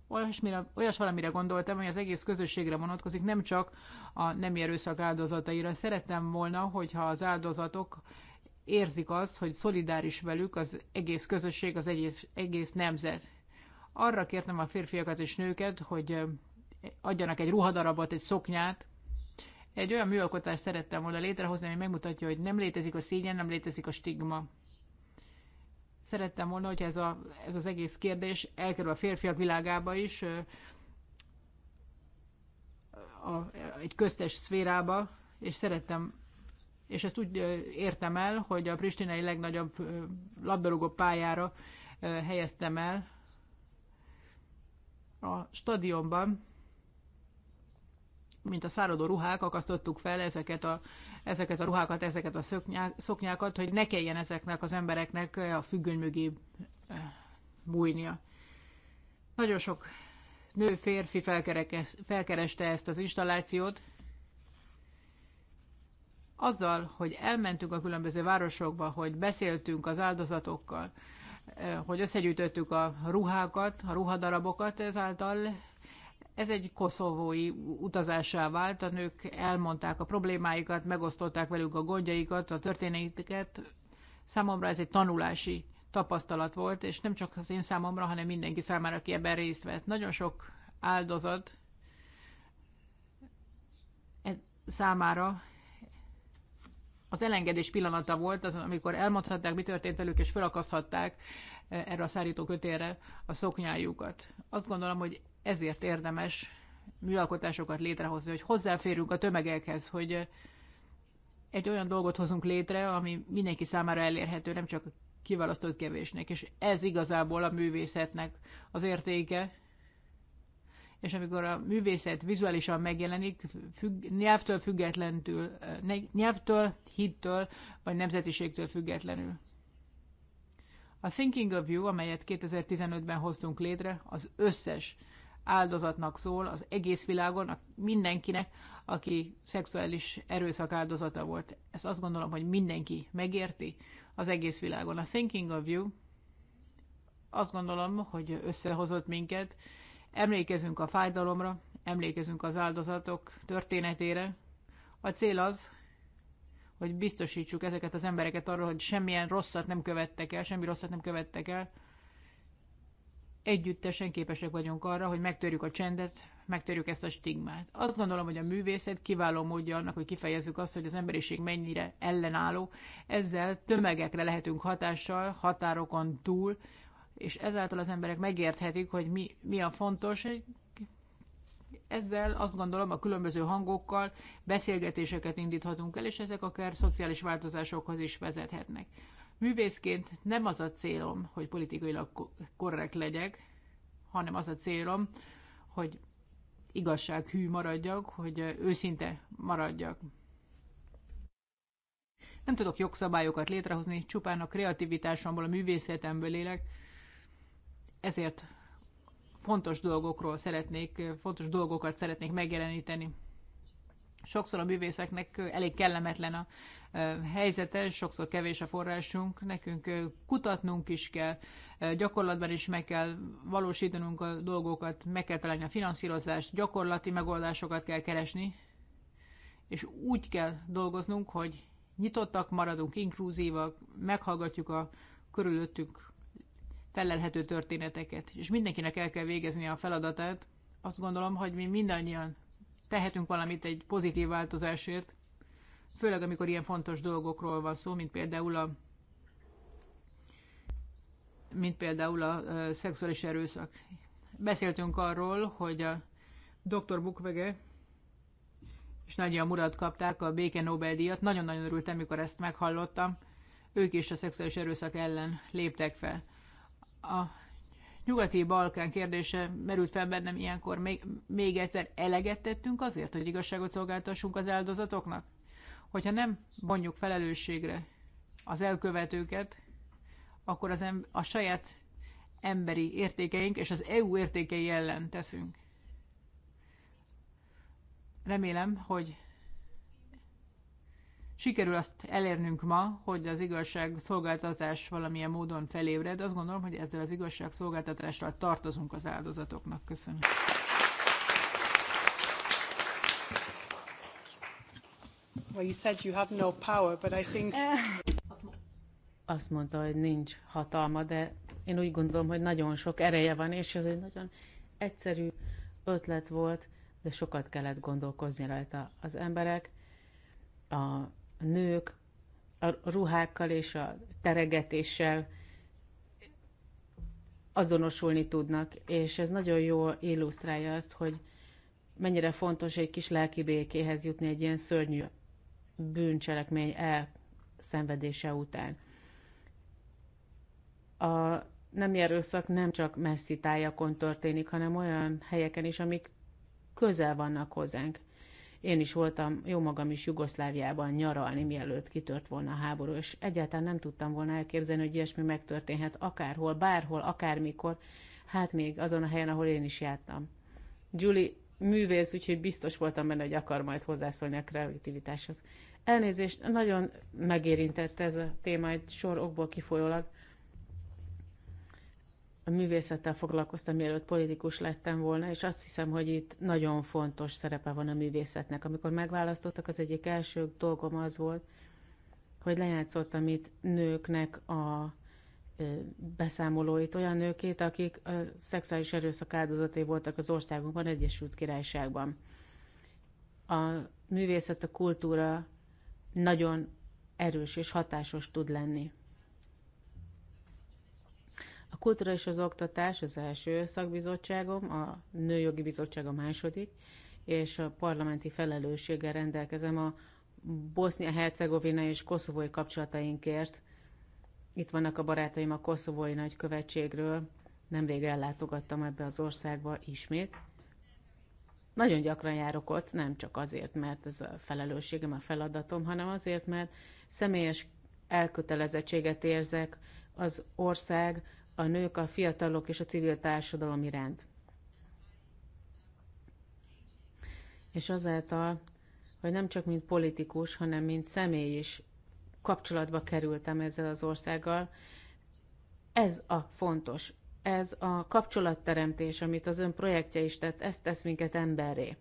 Olyasmire, olyas valamire gondoltam, hogy az egész közösségre vonatkozik, nem csak a nem erőszak áldozataira. Szerettem volna, hogyha az áldozatok érzik azt, hogy szolidáris velük az egész közösség, az egész, egész nemzet. Arra kértem a férfiakat és nőket, hogy adjanak egy ruhadarabot, egy szoknyát. Egy olyan műalkotást szerettem volna létrehozni, ami megmutatja, hogy nem létezik a szégyen, nem létezik a stigma. Szerettem volna, hogy ez, a, ez az egész kérdés elkerül a férfiak világába is, a, egy köztes szférába, és szerettem és ezt úgy értem el, hogy a pristinai legnagyobb labdarúgó pályára helyeztem el a stadionban, mint a száradó ruhák, akasztottuk fel ezeket a, ezeket a ruhákat, ezeket a szoknyák, szoknyákat, hogy ne kelljen ezeknek az embereknek a függöny mögé bújnia. Nagyon sok nő, férfi felkereste ezt az installációt, azzal, hogy elmentünk a különböző városokba, hogy beszéltünk az áldozatokkal, eh, hogy összegyűjtöttük a ruhákat, a ruhadarabokat ezáltal, ez egy koszovói utazássá vált, a nők elmondták a problémáikat, megosztották velük a gondjaikat, a történeteket. Számomra ez egy tanulási tapasztalat volt, és nem csak az én számomra, hanem mindenki számára, aki ebben részt vett. Nagyon sok áldozat e- számára az elengedés pillanata volt, az, amikor elmondhatták, mi történt velük, és felakaszthatták e, erre a kötére a szoknyájukat. Azt gondolom, hogy ezért érdemes műalkotásokat létrehozni, hogy hozzáférjünk a tömegekhez, hogy egy olyan dolgot hozunk létre, ami mindenki számára elérhető, nem csak a kiválasztott kevésnek. És ez igazából a művészetnek az értéke és amikor a művészet vizuálisan megjelenik, függ, nyelvtől függetlenül, nyelvtől, hittől, vagy nemzetiségtől függetlenül. A Thinking of You, amelyet 2015-ben hoztunk létre, az összes áldozatnak szól, az egész világon, a, mindenkinek, aki szexuális erőszak áldozata volt. Ezt azt gondolom, hogy mindenki megérti az egész világon. A Thinking of You azt gondolom, hogy összehozott minket, Emlékezünk a fájdalomra, emlékezünk az áldozatok történetére. A cél az, hogy biztosítsuk ezeket az embereket arról, hogy semmilyen rosszat nem követtek el, semmi rosszat nem követtek el. Együttesen képesek vagyunk arra, hogy megtörjük a csendet, megtörjük ezt a stigmát. Azt gondolom, hogy a művészet kiváló módja annak, hogy kifejezzük azt, hogy az emberiség mennyire ellenálló. Ezzel tömegekre lehetünk hatással, határokon túl, és ezáltal az emberek megérthetik, hogy mi, mi a fontos. Ezzel azt gondolom a különböző hangokkal beszélgetéseket indíthatunk el, és ezek akár szociális változásokhoz is vezethetnek. Művészként nem az a célom, hogy politikailag korrekt legyek, hanem az a célom, hogy igazsághű maradjak, hogy őszinte maradjak. Nem tudok jogszabályokat létrehozni, csupán a kreativitásomból, a művészetemből élek, ezért fontos dolgokról szeretnék, fontos dolgokat szeretnék megjeleníteni. Sokszor a művészeknek elég kellemetlen a helyzete, sokszor kevés a forrásunk, nekünk kutatnunk is kell, gyakorlatban is meg kell valósítanunk a dolgokat, meg kell találni a finanszírozást, gyakorlati megoldásokat kell keresni, és úgy kell dolgoznunk, hogy nyitottak maradunk, inkluzívak, meghallgatjuk a körülöttünk felelhető történeteket, és mindenkinek el kell végezni a feladatát. Azt gondolom, hogy mi mindannyian tehetünk valamit egy pozitív változásért, főleg amikor ilyen fontos dolgokról van szó, mint például a mint például a szexuális erőszak. Beszéltünk arról, hogy a dr. Bukvege és Nagyja Murat kapták a béke Nobel-díjat. Nagyon-nagyon örültem, mikor ezt meghallottam. Ők is a szexuális erőszak ellen léptek fel a nyugati Balkán kérdése merült fel bennem ilyenkor. Még, még egyszer eleget tettünk azért, hogy igazságot szolgáltassunk az áldozatoknak? Hogyha nem vonjuk felelősségre az elkövetőket, akkor az em- a saját emberi értékeink és az EU értékei ellen teszünk. Remélem, hogy sikerül azt elérnünk ma, hogy az igazságszolgáltatás valamilyen módon felébred, azt gondolom, hogy ezzel az igazságszolgáltatással tartozunk az áldozatoknak. Köszönöm. Well, you said you have no power, but I think... Azt mondta, hogy nincs hatalma, de én úgy gondolom, hogy nagyon sok ereje van, és ez egy nagyon egyszerű ötlet volt, de sokat kellett gondolkozni rajta. Az emberek a nők a ruhákkal és a teregetéssel azonosulni tudnak, és ez nagyon jól illusztrálja azt, hogy mennyire fontos egy kis lelki békéhez jutni egy ilyen szörnyű bűncselekmény elszenvedése után. A nem erőszak nem csak messzi tájakon történik, hanem olyan helyeken is, amik közel vannak hozzánk. Én is voltam, jó magam is Jugoszláviában nyaralni, mielőtt kitört volna a háború, és egyáltalán nem tudtam volna elképzelni, hogy ilyesmi megtörténhet akárhol, bárhol, akármikor, hát még azon a helyen, ahol én is jártam. Julie művész, úgyhogy biztos voltam benne, hogy akar majd hozzászólni a kreativitáshoz. Elnézést, nagyon megérintett ez a téma egy sor okból kifolyólag a művészettel foglalkoztam, mielőtt politikus lettem volna, és azt hiszem, hogy itt nagyon fontos szerepe van a művészetnek. Amikor megválasztottak, az egyik első dolgom az volt, hogy lejátszottam itt nőknek a beszámolóit, olyan nőkét, akik a szexuális erőszak áldozatai voltak az országunkban, Egyesült Királyságban. A művészet, a kultúra nagyon erős és hatásos tud lenni. A kultúra és az oktatás az első szakbizottságom, a Nőjogi Bizottság a második, és a parlamenti felelősséggel rendelkezem a Bosznia-Hercegovina és koszovói kapcsolatainkért. Itt vannak a barátaim a koszovói nagykövetségről, nemrég ellátogattam ebbe az országba ismét. Nagyon gyakran járok ott, nem csak azért, mert ez a felelősségem, a feladatom, hanem azért, mert személyes elkötelezettséget érzek az ország a nők, a fiatalok és a civil társadalom iránt. És azáltal, hogy nem csak mint politikus, hanem mint személy is kapcsolatba kerültem ezzel az országgal, ez a fontos. Ez a kapcsolatteremtés, amit az ön projektje is tett, ezt tesz minket emberré.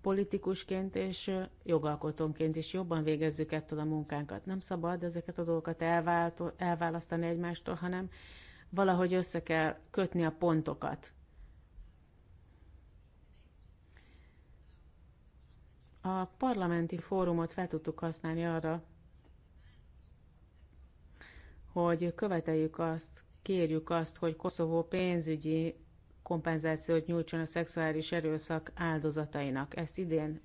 Politikusként és jogalkotónként is jobban végezzük ettől a munkánkat. Nem szabad ezeket a dolgokat elvált, elválasztani egymástól, hanem valahogy össze kell kötni a pontokat. A parlamenti fórumot fel tudtuk használni arra, hogy követeljük azt, kérjük azt, hogy Koszovó pénzügyi kompenzációt nyújtson a szexuális erőszak áldozatainak. Ezt idén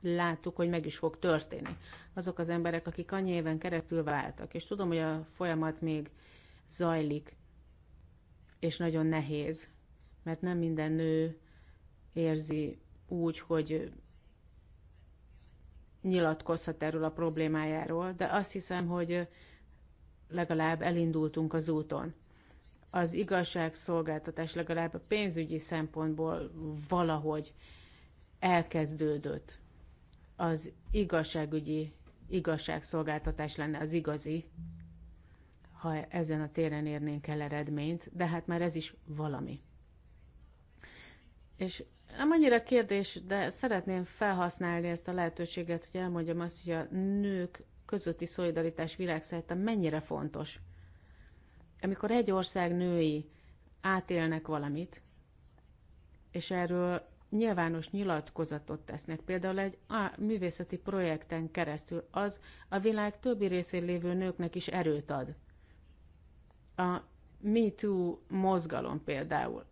láttuk, hogy meg is fog történni. Azok az emberek, akik annyi éven keresztül váltak, és tudom, hogy a folyamat még zajlik, és nagyon nehéz, mert nem minden nő érzi úgy, hogy nyilatkozhat erről a problémájáról, de azt hiszem, hogy legalább elindultunk az úton. Az igazságszolgáltatás legalább a pénzügyi szempontból valahogy elkezdődött. Az igazságügyi igazságszolgáltatás lenne az igazi ha ezen a téren érnénk el eredményt, de hát már ez is valami. És nem annyira kérdés, de szeretném felhasználni ezt a lehetőséget, hogy elmondjam azt, hogy a nők közötti szolidaritás világszerte mennyire fontos. Amikor egy ország női átélnek valamit, és erről nyilvános nyilatkozatot tesznek. Például egy a művészeti projekten keresztül az a világ többi részén lévő nőknek is erőt ad. A MeToo mozgalom például.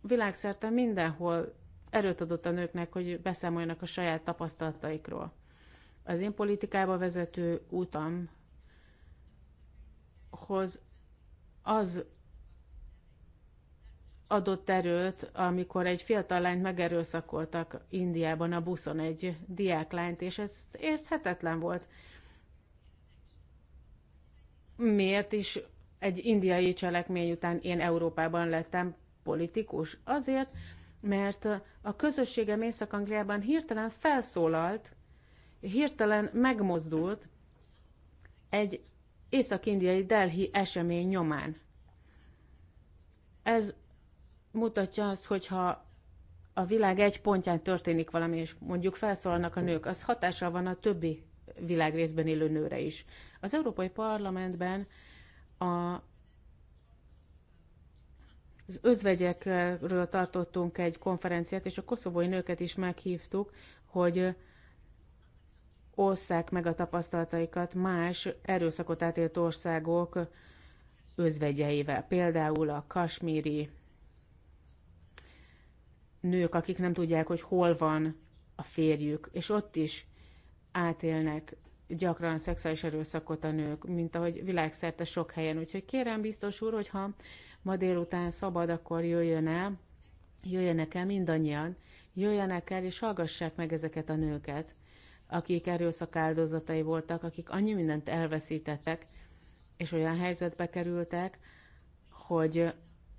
Világszerte mindenhol erőt adott a nőknek, hogy beszámoljanak a saját tapasztalataikról. Az én politikába vezető utamhoz az adott erőt, amikor egy fiatal lányt megerőszakoltak Indiában a buszon, egy diáklányt, és ez érthetetlen volt. Miért is egy indiai cselekmény után én Európában lettem politikus. Azért, mert a közösségem Észak-Angliában hirtelen felszólalt, hirtelen megmozdult egy észak-indiai Delhi esemény nyomán. Ez mutatja azt, hogyha a világ egy pontján történik valami, és mondjuk felszólalnak a nők, az hatással van a többi világrészben élő nőre is. Az Európai Parlamentben a, az özvegyekről tartottunk egy konferenciát, és a koszovói nőket is meghívtuk, hogy osszák meg a tapasztalataikat más erőszakot átélt országok özvegyeivel. Például a kasmíri nők, akik nem tudják, hogy hol van a férjük, és ott is átélnek gyakran szexuális erőszakot a nők, mint ahogy világszerte sok helyen. Úgyhogy kérem biztos úr, hogyha ma délután szabad, akkor jöjjön el, jöjjenek el mindannyian, jöjjenek el és hallgassák meg ezeket a nőket, akik erőszak áldozatai voltak, akik annyi mindent elveszítettek, és olyan helyzetbe kerültek, hogy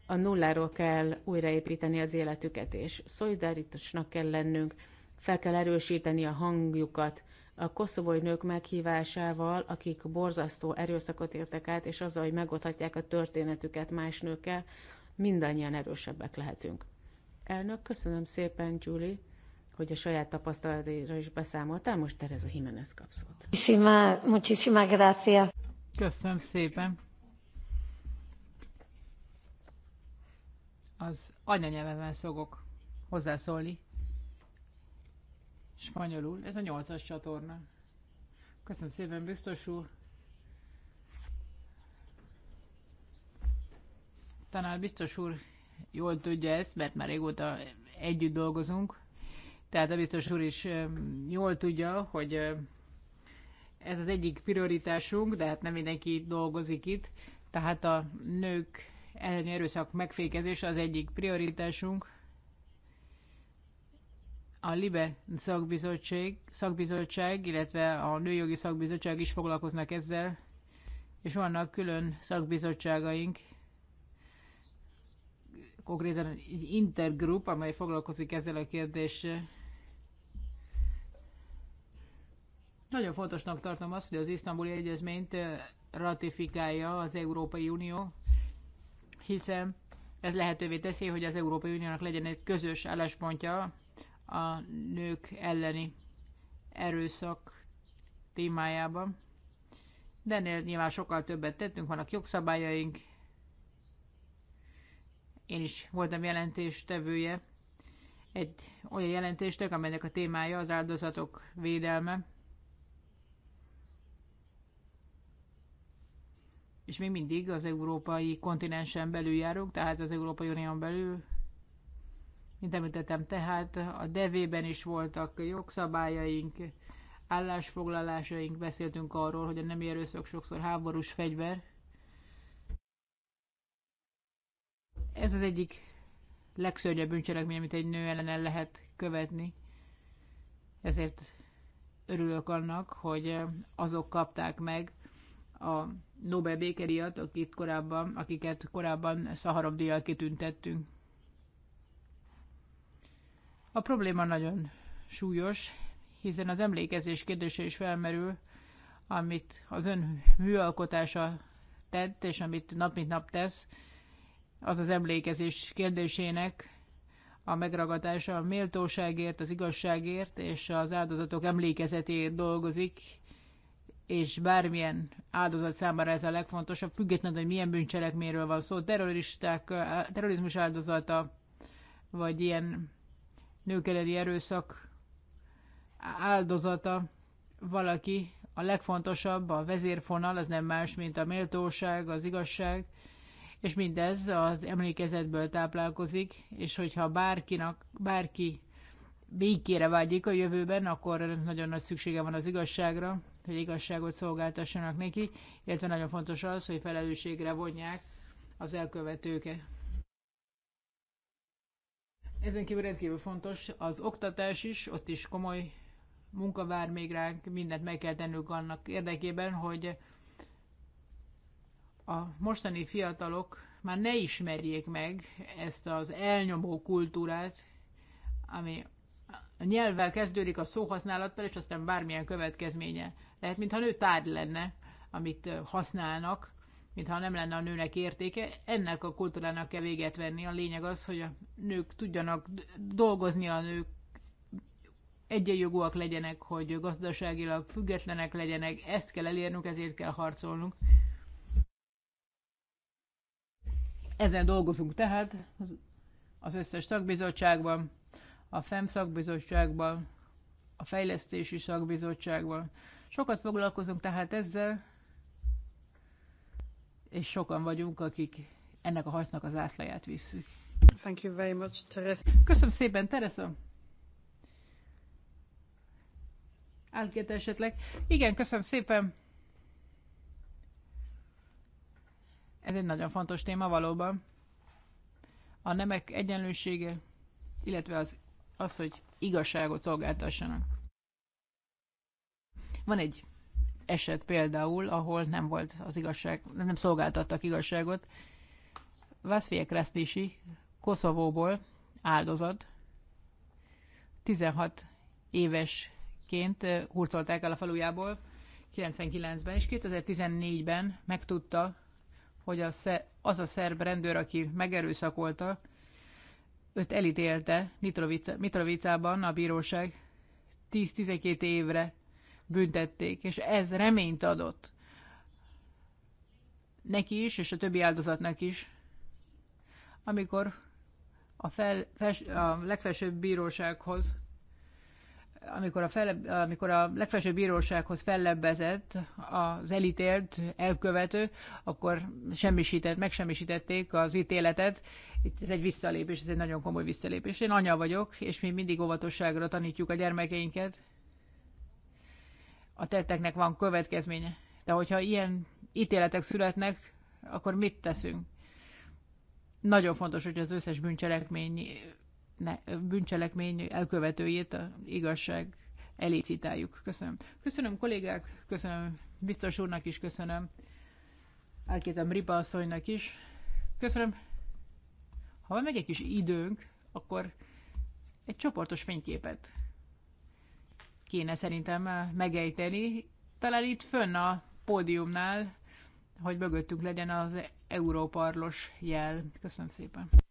a nulláról kell újraépíteni az életüket, és szolidaritásnak kell lennünk, fel kell erősíteni a hangjukat, a koszovói nők meghívásával, akik borzasztó erőszakot értek át, és azzal, hogy megoszthatják a történetüket más nőkkel, mindannyian erősebbek lehetünk. Elnök, köszönöm szépen, Julie, hogy a saját tapasztalatára is beszámoltál. Most Tereza Jimenez kapszót. Muchísima gracias. Köszönöm szépen. Az anyanyelvemen szokok hozzászólni spanyolul. Ez a nyolcas csatorna. Köszönöm szépen, biztos úr. Tanár biztos úr jól tudja ezt, mert már régóta együtt dolgozunk. Tehát a biztos úr is jól tudja, hogy ez az egyik prioritásunk, de hát nem mindenki dolgozik itt. Tehát a nők elleni erőszak megfékezése az egyik prioritásunk a LIBE szakbizottság, szakbizottság, illetve a Nőjogi Szakbizottság is foglalkoznak ezzel, és vannak külön szakbizottságaink, konkrétan egy intergroup, amely foglalkozik ezzel a kérdéssel. Nagyon fontosnak tartom azt, hogy az isztambuli egyezményt eh, ratifikálja az Európai Unió, hiszen ez lehetővé teszi, hogy az Európai Uniónak legyen egy közös álláspontja a nők elleni erőszak témájában. De ennél nyilván sokkal többet tettünk, vannak jogszabályaink. Én is voltam jelentéstevője, egy olyan jelentéstek, amelynek a témája az áldozatok védelme. És még mindig az európai kontinensen belül járunk, tehát az Európai Unión belül mint említettem, tehát a devében is voltak jogszabályaink, állásfoglalásaink, beszéltünk arról, hogy a nem erőszak sokszor háborús fegyver. Ez az egyik legszörnyebb bűncselekmény, amit egy nő ellen el lehet követni. Ezért örülök annak, hogy azok kapták meg a Nobel békeriat, akit korábban, akiket korábban Szaharov díjjal kitüntettünk. A probléma nagyon súlyos, hiszen az emlékezés kérdése is felmerül, amit az ön műalkotása tett, és amit nap mint nap tesz, az az emlékezés kérdésének a megragadása a méltóságért, az igazságért és az áldozatok emlékezetéért dolgozik, és bármilyen áldozat számára ez a legfontosabb, függetlenül, hogy milyen bűncselekményről van szó, terroristák, terrorizmus áldozata, vagy ilyen nők elleni erőszak áldozata valaki, a legfontosabb, a vezérfonal, az nem más, mint a méltóság, az igazság, és mindez az emlékezetből táplálkozik, és hogyha bárkinak, bárki békére vágyik a jövőben, akkor nagyon nagy szüksége van az igazságra, hogy igazságot szolgáltassanak neki, illetve nagyon fontos az, hogy felelősségre vonják az elkövetőket. Ezen kívül rendkívül fontos az oktatás is, ott is komoly munka vár még ránk, mindent meg kell tennünk annak érdekében, hogy a mostani fiatalok már ne ismerjék meg ezt az elnyomó kultúrát, ami a nyelvvel kezdődik a szóhasználattal, és aztán bármilyen következménye lehet, mintha nő tárgy lenne, amit használnak, mintha nem lenne a nőnek értéke. Ennek a kultúrának kell véget venni. A lényeg az, hogy a nők tudjanak dolgozni, a nők egyenjogúak legyenek, hogy gazdaságilag függetlenek legyenek. Ezt kell elérnünk, ezért kell harcolnunk. Ezen dolgozunk tehát az összes szakbizottságban, a FEM szakbizottságban, a fejlesztési szakbizottságban. Sokat foglalkozunk tehát ezzel, és sokan vagyunk, akik ennek a hasznak az ászlaját visszük. Thank you very much, Teresa. Köszönöm szépen, Teresa. Álgét esetleg. Igen, köszönöm szépen. Ez egy nagyon fontos téma valóban. A nemek egyenlősége, illetve az, az hogy igazságot szolgáltassanak. Van egy eset például, ahol nem volt az igazság, nem szolgáltattak igazságot. Vászfie Kreszlisi Koszovóból áldozat 16 évesként hurcolták el a falujából 99-ben, és 2014-ben megtudta, hogy az a szerb rendőr, aki megerőszakolta, őt elítélte Mitrovicában a bíróság 10-12 évre büntették, és ez reményt adott neki is, és a többi áldozatnak is, amikor a, fel, fes, a legfelsőbb bírósághoz amikor a, fel, amikor a legfelsőbb bírósághoz fellebbezett az elítélt elkövető, akkor semmisített, megsemmisítették az ítéletet. Itt ez egy visszalépés, ez egy nagyon komoly visszalépés. Én anya vagyok, és mi mindig óvatosságra tanítjuk a gyermekeinket a tetteknek van következménye. De hogyha ilyen ítéletek születnek, akkor mit teszünk? Nagyon fontos, hogy az összes bűncselekmény, ne, bűncselekmény elkövetőjét a igazság elicitáljuk. Köszönöm. Köszönöm kollégák, köszönöm biztos úrnak is, köszönöm Elkétem Ripa asszonynak is. Köszönöm. Ha van még egy kis időnk, akkor egy csoportos fényképet kéne szerintem eh, megejteni. Talán itt fönn a pódiumnál, hogy mögöttünk legyen az Európarlos jel. Köszönöm szépen.